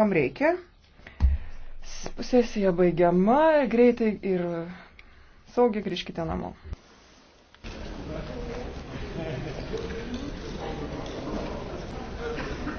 kam reikia. Sesija baigiama, greitai ir saugiai grįžkite namo.